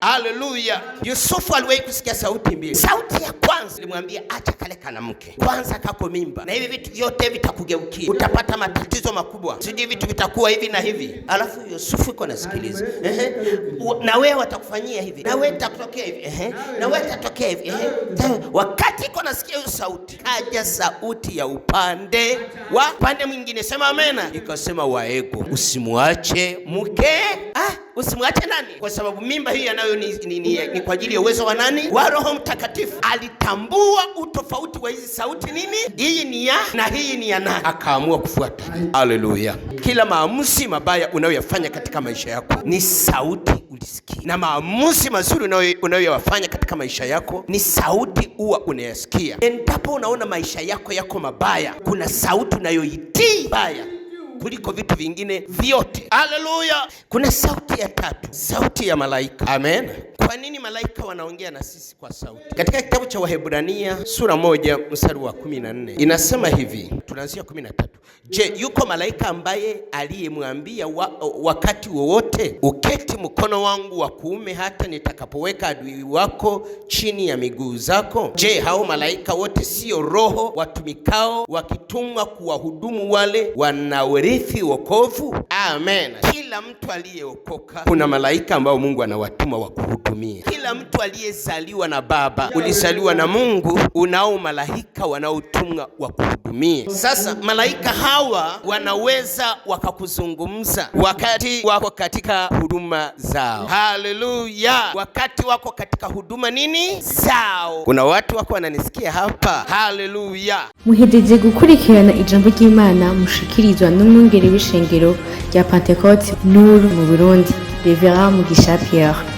Haleluya! Yusufu aliwahi kusikia sauti mbili. Sauti ya kwanza ilimwambia acha kale kana mke kwanza, kako mimba na hivi vitu vyote vitakugeukia, utapata matatizo makubwa, sijui vitu vitakuwa hivi na hivi. Alafu Yusufu iko nasikiliza, ehe, na wewe watakufanyia hivi, na wewe itakutokea hivi, ehe, na wewe itatokea hivi, ehe. Wakati iko nasikia hiyo sauti, kaja sauti ya upande wa upande mwingine, sema amena, ikasema waego, Usimuache mke Ah, usimwache nani? Kwa sababu mimba hii anayo ni, ni, ni, ni kwa ajili ya uwezo wa nani? Wa Roho Mtakatifu. Alitambua utofauti wa hizi sauti nini, hii ni ya na hii ni ya nani, akaamua kufuata. Haleluya! Kila maamuzi mabaya unayoyafanya katika maisha yako ni sauti ulisikia, na maamuzi mazuri unayoyafanya katika maisha yako ni sauti huwa unayasikia. Endapo unaona maisha yako yako mabaya, kuna sauti unayoitii baya kuliko vitu vingine vyote. Haleluya! Kuna sauti ya tatu, sauti ya malaika. Amen. Kwa nini malaika wanaongea na sisi kwa sauti? Katika kitabu cha Wahebrania sura moja mstari wa 14 inasema hivi, tunaanzia 13. Je, yuko malaika ambaye aliyemwambia wa, wakati wowote uketi mkono wangu wa kuume hata nitakapoweka adui wako chini ya miguu zako? Je, hao malaika wote sio roho watumikao wakitumwa kuwahudumu wale wanaorithi wokovu? Amen. Kila mtu aliyeokoka kuna malaika ambao Mungu anawatuma wakuhudumu tumie. Kila mtu aliyezaliwa na baba, ulizaliwa na Mungu, unao malaika wanaotumwa kuhudumia. Sasa malaika hawa wanaweza wakakuzungumza wakati wako katika huduma zao. Haleluya! Wakati wako katika huduma nini zao. Kuna watu wako wananisikia hapa. Haleluya! muhejeje gukurikirana ijambo ry'Imana mushikirizwa n'umwungeri w'ishengero rya Pentecote Nuru mu Burundi, Reverend Mugisha Pierre.